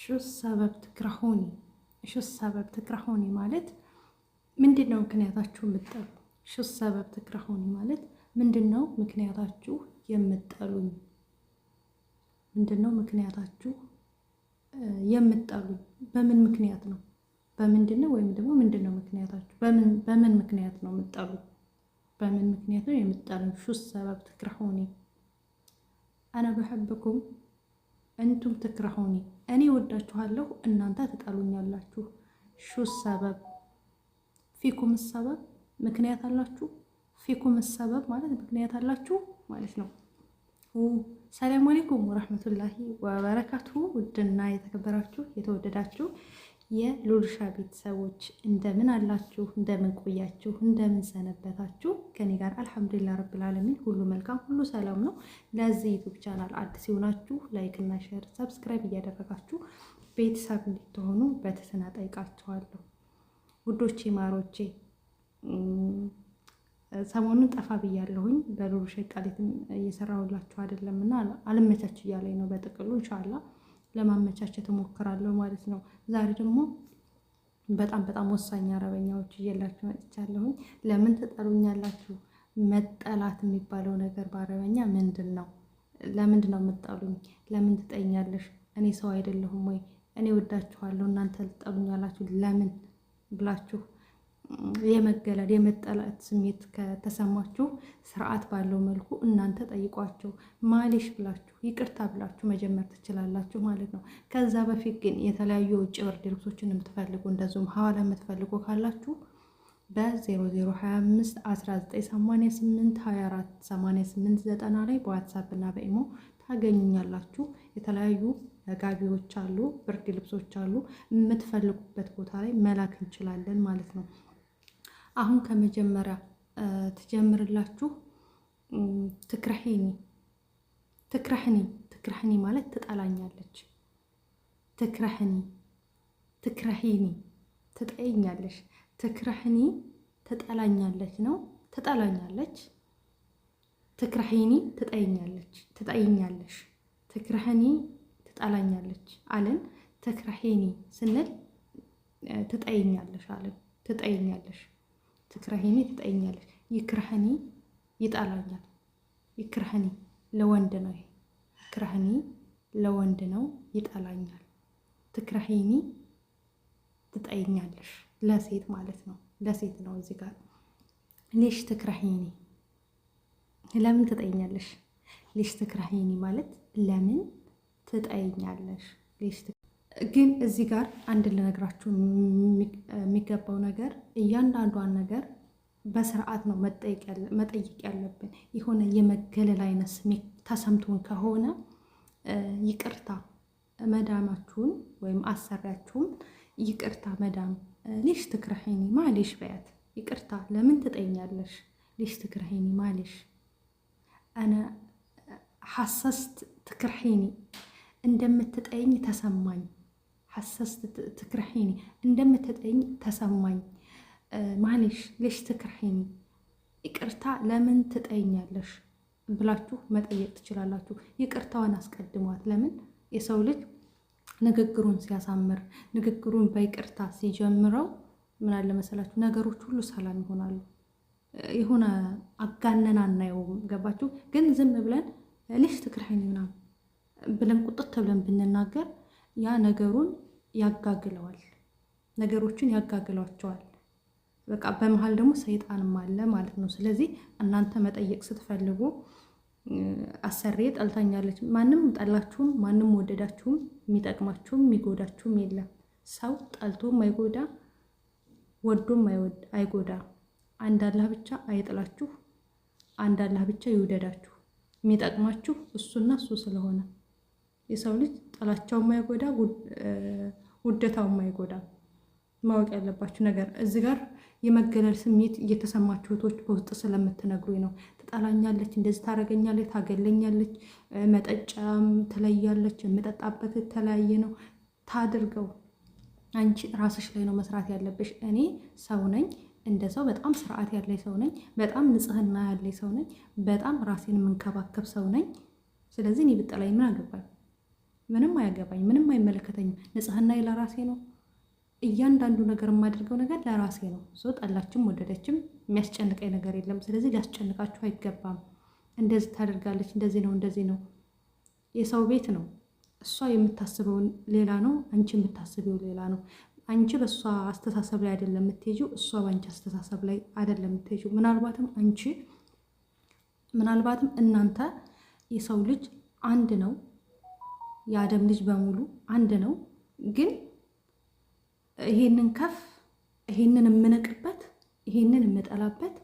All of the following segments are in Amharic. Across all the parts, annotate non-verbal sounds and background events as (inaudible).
ሹ ሰበብ ትክረሆኒ ሹ ሰበብ ትክረሆኒ ማለት ምንድን ነው ምክንያታችሁ የምጠሉ? ሹ ሰበብ ትክረሆኒ ማለት ምንድን ነው ምክንያታችሁ የምጠሉኝ ምንድን ነው ምክንያታችሁ የምትጠሉኝ? በምን ምክንያት ነው በምንድን ነው ወይም ደግሞ ምንድን ነው ምክንያታችሁ? በምን ምክንያት ነው የምትጠሉ? በምን ምክንያት ነው የምትጠሉኝ? ሹ ሰበብ ትክረሆኒ አነ ብሕብኩም እንቱም ትክረሆኒ እኔ ወዳችኋለሁ፣ እናንተ ትጠሉኛላችሁ። ሹ ሰበብ ፊኩም ሰበብ ምክንያት አላችሁ። ፊኩም ሰበብ ማለት ምክንያት አላችሁ ማለት ነው። ሰላም አሌይኩም ወረህመቱላሂ ወበረካቱ። ውድና የተከበራችሁ የተወደዳችሁ የሉልሻ ቤተሰቦች እንደምን አላችሁ? እንደምን ቆያችሁ? እንደምን ሰነበታችሁ? ከኔ ጋር አልሐምዱላ ረብልዓለሚን ሁሉ መልካም፣ ሁሉ ሰላም ነው። ለዚህ ዩቱብ ቻናል አዲስ ሆናችሁ ላይክ እና ሼር፣ ሰብስክራይብ እያደረጋችሁ ቤተሰብ እንድትሆኑ በትህትና ጠይቃችኋለሁ። ውዶቼ ማሮቼ ሰሞኑን ጠፋ ብያለሁኝ። በሉልሻ ቃሌትም እየሰራሁላችሁ አይደለም እና አልመቻች እያለኝ ነው። በጥቅሉ እንሻላ ለማመቻቸት እሞክራለሁ ማለት ነው። ዛሬ ደግሞ በጣም በጣም ወሳኝ አረበኛዎች እየላችሁ መጥቻለሁኝ። ለምን ትጠሉኛላችሁ? መጠላት የሚባለው ነገር በአረበኛ ምንድን ነው? ለምንድን ነው የምትጠሉኝ? ለምን ትጠኛለሽ? እኔ ሰው አይደለሁም ወይ? እኔ ወዳችኋለሁ እናንተ ልጠሉኛላችሁ ለምን ብላችሁ የመገለል የመጠላት ስሜት ከተሰማችሁ ስርዓት ባለው መልኩ እናንተ ጠይቋቸው፣ ማሌሽ ብላችሁ ይቅርታ ብላችሁ መጀመር ትችላላችሁ ማለት ነው። ከዛ በፊት ግን የተለያዩ የውጭ ብርድ ልብሶችን የምትፈልጉ እንደዚሁም ሀዋላ የምትፈልጉ ካላችሁ በ0025 1988 ላይ በዋትሳፕ እና በኢሞ ታገኙኛላችሁ። የተለያዩ ጋቢዎች አሉ፣ ብርድ ልብሶች አሉ። የምትፈልጉበት ቦታ ላይ መላክ እንችላለን ማለት ነው። አሁን ከመጀመሪያ ትጀምርላችሁ። ትክረሂኒ ትክረህኒ ትክረህኒ ማለት ትጠላኛለች። ትክረህኒ ትክረሂኒ ትጠይኛለሽ። ትክረህኒ ትጠላኛለች ነው ትጠላኛለች። ትክረሂኒ ትጠይኛለች ትጠይኛለሽ። ትክረህኒ ትጠላኛለች አለን። ትክረሂኒ ስንል ትጠይኛለሽ አለን። ትጠይኛለሽ ትክረሂኒ ትጠይኛለች። ይክረህኒ ይጣላኛል። ይክረህኒ ለወንድ ነው። ይሄ ይክረህኒ ለወንድ ነው። ይጣላኛል። ትክረሄኒ ትጠይኛለሽ። ለሴት ማለት ነው። ለሴት ነው እዚህ ጋር ሌሽ ትክረሄኒ ለምን ትጠይኛለሽ? ሌሽ ትክረሄኒ ማለት ለምን ትጠይኛለሽ? ግን እዚህ ጋር አንድ ልነግራችሁ የሚገባው ነገር እያንዳንዷን ነገር በስርዓት ነው መጠየቅ ያለብን። የሆነ የመገለል አይነት ስሜት ተሰምቶን ከሆነ ይቅርታ መዳማችሁን ወይም አሰሪያችሁን ይቅርታ መዳም ሌሽ ትክረሂኒ ማሌሽ በያት። ይቅርታ ለምን ትጠኛለሽ? ሌሽ ትክረሂኒ ማሌሽ አነ ሐሰስት ትክርሒኒ እንደምትጠይኝ ተሰማኝ ሐሰስ ትክርሒኒ እንደምትጠኝ ተሰማኝ። ማሌሽ ሌሽ ትክርሒኒ ይቅርታ ለምን ትጠኛለሽ ብላችሁ መጠየቅ ትችላላችሁ። ይቅርታዋን አስቀድሟት። ለምን የሰው ልጅ ንግግሩን ሲያሳምር ንግግሩን በይቅርታ ሲጀምረው ምን አለ መሰላችሁ ነገሮች ሁሉ ሰላም ይሆናሉ። የሆነ አጋነን አናየውም። ገባችሁ? ግን ዝም ብለን ሌሽ ትክርሒኒ ምናምን ብለን ቁጥጥ ብለን ብንናገር ያ ነገሩን ያጋግለዋል፣ ነገሮችን ያጋግሏቸዋል። በቃ በመሀል ደግሞ ሰይጣንም አለ ማለት ነው። ስለዚህ እናንተ መጠየቅ ስትፈልጉ አሰሬ ጠልታኛለች። ማንም ጠላችሁም፣ ማንም ወደዳችሁም የሚጠቅማችሁም የሚጎዳችሁም የለም። ሰው ጠልቶም አይጎዳ ወዶም አይጎዳ። አንድ አላህ ብቻ አይጥላችሁ፣ አንድ አላህ ብቻ ይውደዳችሁ። የሚጠቅማችሁ እሱና እሱ ስለሆነ የሰው ልጅ ጥላቻው የማይጎዳ ውደታው የማይጎዳ ማወቅ ያለባችሁ ነገር እዚህ ጋር የመገለል ስሜት እየተሰማችሁ እህቶች በውስጥ ስለምትነግሩኝ ነው። ትጠላኛለች፣ እንደዚህ ታረገኛለች፣ ታገለኛለች፣ መጠጫም ትለያለች፣ የምጠጣበት የተለያየ ነው። ታድርገው። አንቺ ራስሽ ላይ ነው መስራት ያለብሽ። እኔ ሰው ነኝ፣ እንደ ሰው በጣም ስርዓት ያለኝ ሰው ነኝ፣ በጣም ንጽህና ያለኝ ሰው ነኝ፣ በጣም ራሴን የምንከባከብ ሰው ነኝ። ስለዚህ እኔ ብጠላኝ ምን አገባኝ? ምንም አያገባኝ፣ ምንም አይመለከተኝም። ንጽህና ለራሴ ነው። እያንዳንዱ ነገር የማደርገው ነገር ለራሴ ነው። ሶ ጠላችም ወደደችም የሚያስጨንቀኝ ነገር የለም። ስለዚህ ሊያስጨንቃችሁ አይገባም። እንደዚህ ታደርጋለች፣ እንደዚህ ነው፣ እንደዚህ ነው። የሰው ቤት ነው። እሷ የምታስበው ሌላ ነው፣ አንቺ የምታስበው ሌላ ነው። አንቺ በእሷ አስተሳሰብ ላይ አይደለም የምትሄጂው፣ እሷ በአንቺ አስተሳሰብ ላይ አይደለም የምትሄጂው። ምናልባትም አንቺ ምናልባትም እናንተ የሰው ልጅ አንድ ነው የአደም ልጅ በሙሉ አንድ ነው። ግን ይሄንን ከፍ ይሄንን የምንቅበት ይሄንን የምጠላበት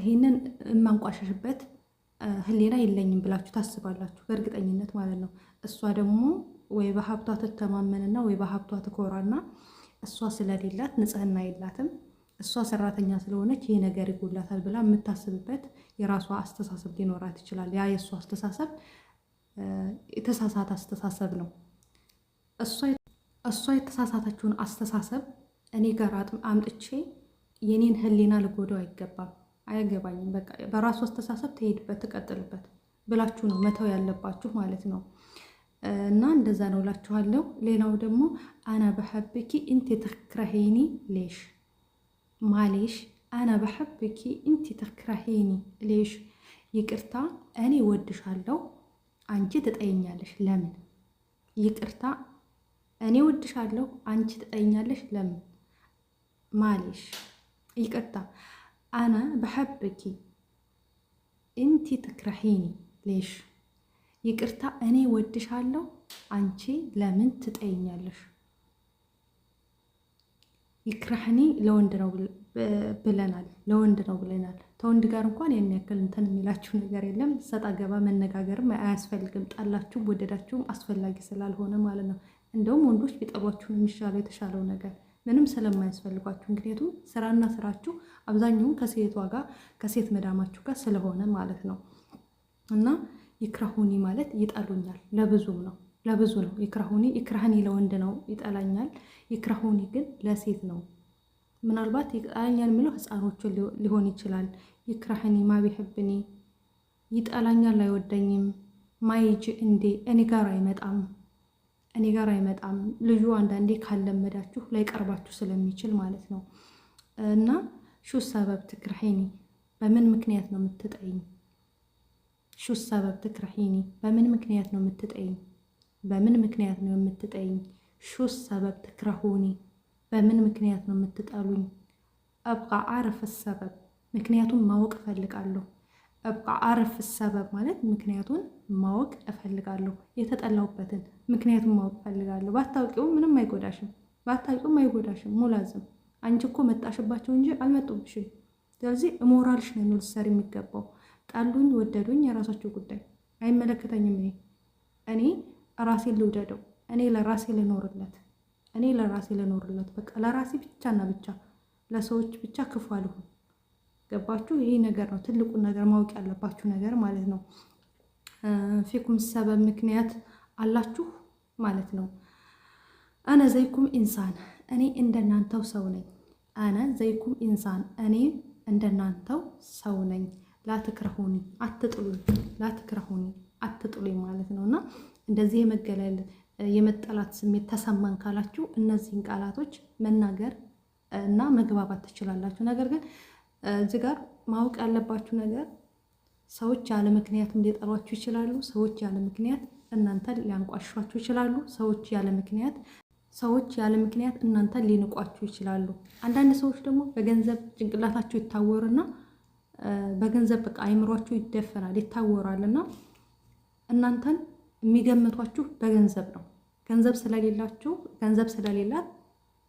ይሄንን የማንቋሸሽበት ህሌና የለኝም ብላችሁ ታስባላችሁ፣ በእርግጠኝነት ማለት ነው። እሷ ደግሞ ወይ በሀብቷ ትተማመንና ወይ በሀብቷ ትኮራና እሷ ስለሌላት ንጽህና የላትም እሷ ሰራተኛ ስለሆነች ይሄ ነገር ይጎላታል ብላ የምታስብበት የራሷ አስተሳሰብ ሊኖራት ይችላል። ያ የእሷ አስተሳሰብ የተሳሳተ አስተሳሰብ ነው። እሷ የተሳሳተችውን አስተሳሰብ እኔ ጋር አምጥቼ የኔን ህሊና ልጎዳው አይገባም፣ አያገባኝም። በቃ በራሱ አስተሳሰብ ትሄድበት፣ ትቀጥልበት ብላችሁ ነው መተው ያለባችሁ ማለት ነው። እና እንደዛ ነው እላችኋለሁ። ሌላው ደግሞ አና በሐብኪ እንቲ ተክረሂኒ ሌሽ ማሌሽ አና በሐብኪ እንቲ ተክረሂኒ ሌሽ፣ ይቅርታ እኔ ወድሻለሁ አንቺ ትጠይኛለሽ ለምን? ይቅርታ እኔ ወድሻለሁ፣ አንቺ ትጠይኛለሽ ለምን? ማሌሽ ይቅርታ አና በሐብኪ እንቲ ትክረሂኒ ሌሽ ይቅርታ እኔ ወድሻለሁ፣ አንቺ ለምን ትጠይኛለሽ? ይክረህኒ ለወንድ ነው ብለናል፣ ለወንድ ነው ብለናል። ተወንድ ጋር እንኳን ያን ያክል እንትን የሚላችሁ ነገር የለም። ሰጣ ገባ መነጋገርም አያስፈልግም። ጠላችሁም ወደዳችሁም አስፈላጊ ስላልሆነ ማለት ነው። እንደውም ወንዶች ቢጠሏችሁ የሚሻለው የተሻለው ነገር ምንም ስለማያስፈልጓችሁ፣ ምክንያቱም ስራና ስራችሁ አብዛኛውን ከሴቷ ጋር ከሴት መዳማችሁ ጋር ስለሆነ ማለት ነው። እና ይክራሁኒ ማለት ይጠሉኛል ለብዙም ነው ለብዙ ነው። ይክራሁኒ ይክራህኒ ለወንድ ነው ይጠላኛል። ይክራሁኒ ግን ለሴት ነው ምናልባት ይቅጣኛል የሚለው ህፃኖቹ ሊሆን ይችላል። ይክራህኒ ማቢሕብኒ ይጠላኛል፣ አይወደኝም። ማይጅ እንዴ እኔ ጋር አይመጣም፣ እኔ ጋር አይመጣም። ልዩ አንዳንዴ ካለመዳችሁ ላይቀርባችሁ ስለሚችል ማለት ነው። እና ሹ ሰበብ ትክርሒኒ፣ በምን ምክንያት ነው የምትጠይኝ? ሹ ሰበብ ትክርሒኒ፣ በምን ምክንያት ነው የምትጠይኝ? በምን ምክንያት ነው የምትጠይኝ? ሹ ሰበብ ትክረሁኒ በምን ምክንያት ነው የምትጠሉኝ? እብቃ አርፍ ሰበብ ምክንያቱን ማወቅ እፈልጋለሁ። እብቃ አረፍ ሰበብ ማለት ምክንያቱን ማወቅ እፈልጋለሁ። የተጠላሁበትን ምክንያቱን ማወቅ እፈልጋለሁ። ባታውቂው ምንም አይጎዳሽም፣ ባታውቂውም አይጎዳሽም። ሙላዝም አንቺ እኮ መጣሽባቸው እንጂ አልመጡብሽም። ስለዚህ ሞራልሽ ነው ልትሰሪ የሚገባው። ጠሉኝ ወደዱኝ የራሳቸው ጉዳይ አይመለከተኝም። እኔ እኔ ራሴን ልውደደው፣ እኔ ለራሴ ልኖርለት እኔ ለራሴ ለኖርለት በቃ ለራሴ ብቻና ብቻ ለሰዎች ብቻ ክፉ አልሆን። ገባችሁ? ይሄ ነገር ነው ትልቁን ነገር ማወቅ ያለባችሁ ነገር ማለት ነው። ፊኩም ሰበብ ምክንያት አላችሁ ማለት ነው። አነ ዘይኩም ኢንሳን እኔ እንደናንተው ሰው ነኝ። አነ ዘይኩም ኢንሳን እኔ እንደናንተው ሰው ነኝ። ላትክረሁኒ አትጥሉኝ፣ ላትክረሁኒ አትጥሉኝ ማለት ነው እና እንደዚህ የመገለል የመጠላት ስሜት ተሰማን ካላችሁ እነዚህን ቃላቶች መናገር እና መግባባት ትችላላችሁ። ነገር ግን እዚህ ጋር ማወቅ ያለባችሁ ነገር ሰዎች ያለ ምክንያትም ሊጠሏችሁ ይችላሉ። ሰዎች ያለ ምክንያት እናንተን ሊያንቋሿችሁ ይችላሉ። ሰዎች ያለ ምክንያት ሰዎች ያለ ምክንያት እናንተን ሊንቋችሁ ይችላሉ። አንዳንድ ሰዎች ደግሞ በገንዘብ ጭንቅላታችሁ ይታወርና በገንዘብ በቃ አይምሯችሁ ይደፈናል፣ ይታወራል እና እናንተን የሚገምቷችሁ በገንዘብ ነው። ገንዘብ ስለሌላችሁ ገንዘብ ስለሌላት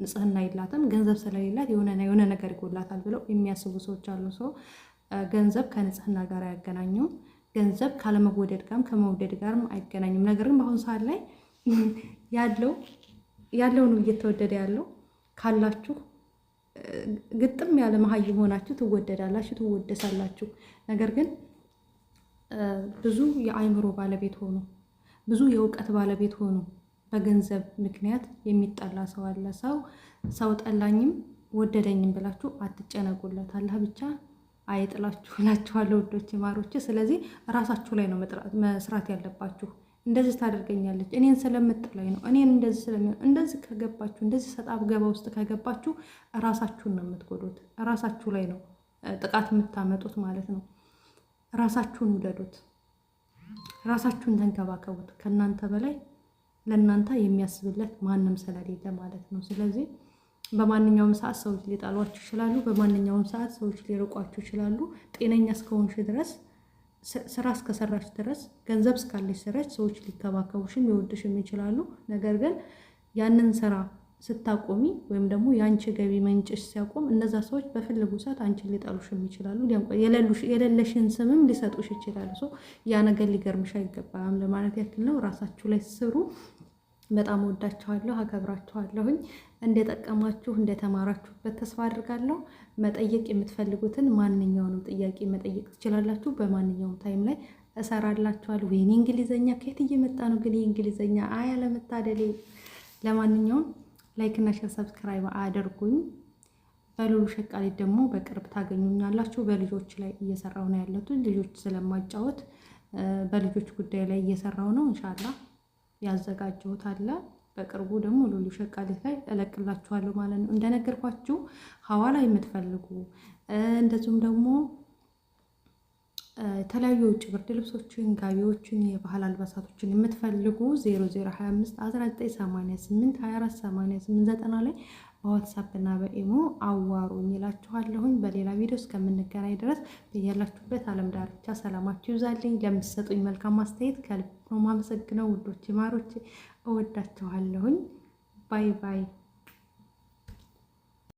ንጽህና የላትም፣ ገንዘብ ስለሌላት የሆነ ነገር ይጎላታል ብለው የሚያስቡ ሰዎች አሉ። ሰው ገንዘብ ከንጽህና ጋር አያገናኙም። ገንዘብ ካለመወደድ ጋርም ከመውደድ ጋርም አይገናኝም። ነገር ግን በአሁኑ ሰዓት ላይ (laughs) ያለው ያለው ነው እየተወደደ ያለው ካላችሁ ግጥም ያለ መሀይ ሆናችሁ ትወደዳላችሁ፣ ትወደሳላችሁ። ነገር ግን ብዙ የአእምሮ ባለቤት ሆኑ። ብዙ የእውቀት ባለቤት ሆኑ። በገንዘብ ምክንያት የሚጠላ ሰው አለ። ሰው ሰው ጠላኝም ወደደኝም ብላችሁ አትጨነቁለት። አላህ ብቻ አይጥላችሁ (laughs) እላችኋለሁ ውዶች ማሮች። ስለዚህ ራሳችሁ ላይ ነው መስራት ያለባችሁ። እንደዚህ ታደርገኛለች እኔን ስለምጥላኝ ነው እኔን እንደዚህ ስለሚ እንደዚህ ከገባችሁ እንደዚህ ሰጣ ገባ ውስጥ ከገባችሁ ራሳችሁን ነው የምትጎዱት። ራሳችሁ ላይ ነው ጥቃት የምታመጡት ማለት ነው። ራሳችሁን ውደዱት። ራሳችሁን ተንከባከቡት። ከእናንተ በላይ ለእናንተ የሚያስብለት ማንም ስለሌለ ማለት ነው። ስለዚህ በማንኛውም ሰዓት ሰዎች ሊጣሏችሁ ይችላሉ። በማንኛውም ሰዓት ሰዎች ሊርቋችሁ ይችላሉ። ጤነኛ እስከሆንሽ ድረስ፣ ስራ እስከሰራች ድረስ፣ ገንዘብ እስካለች ድረስ ሰዎች ሊከባከቡሽም ሊወድሽም ይችላሉ። ነገር ግን ያንን ስራ ስታቆሚ ወይም ደግሞ የአንቺ ገቢ መንጭሽ ሲያቆም እነዛ ሰዎች በፈለጉ ሰዓት አንቺን ሊጠሉሽም ይችላሉ። የሌለሽን ስምም ሊሰጡሽ ይችላሉ። ሰው ያ ነገር ሊገርምሽ አይገባም ለማለት ያክል ነው። ራሳችሁ ላይ ስሩ። በጣም ወዳችኋለሁ፣ አከብራችኋለሁኝ። እንደጠቀማችሁ እንደተማራችሁበት ተስፋ አድርጋለሁ። መጠየቅ የምትፈልጉትን ማንኛውንም ጥያቄ መጠየቅ ትችላላችሁ። በማንኛውም ታይም ላይ እሰራላችኋለሁ። ወይኔ እንግሊዘኛ ከየት እየመጣ ነው ግን የእንግሊዘኛ አያ አይ ለማንኛውም ላይክ እና ሼር ሰብስክራይብ አድርጉኝ። በሉሉ ሸቃሊት ደግሞ በቅርብ ታገኙኛላችሁ። በልጆች ላይ እየሰራው ነው ያለቱ ልጆች ስለማጫወት በልጆች ጉዳይ ላይ እየሰራው ነው። እንሻላ ያዘጋጀሁት አለ። በቅርቡ ደግሞ ሉሉ ሸቃሊት ላይ እለቅላችኋለሁ ማለት ነው። እንደነገርኳችሁ ሀዋላ የምትፈልጉ እንደዚሁም ደግሞ የተለያዩ የውጭ ብርድ ልብሶችን፣ ጋቢዎችን፣ የባህል አልባሳቶችን የምትፈልጉ 0025 1988248890 ላይ በዋትሳፕ እና በኢሞ አዋሩ እላችኋለሁኝ። በሌላ ቪዲዮ እስከምንገናኝ ድረስ በያላችሁበት ዓለም ዳርቻ ሰላማችሁ ይብዛልኝ። ለምትሰጡኝ መልካም አስተያየት ከልብ ነው ማመሰግነው። ውዶቼ ማሮቼ እወዳችኋለሁኝ። ባይ ባይ።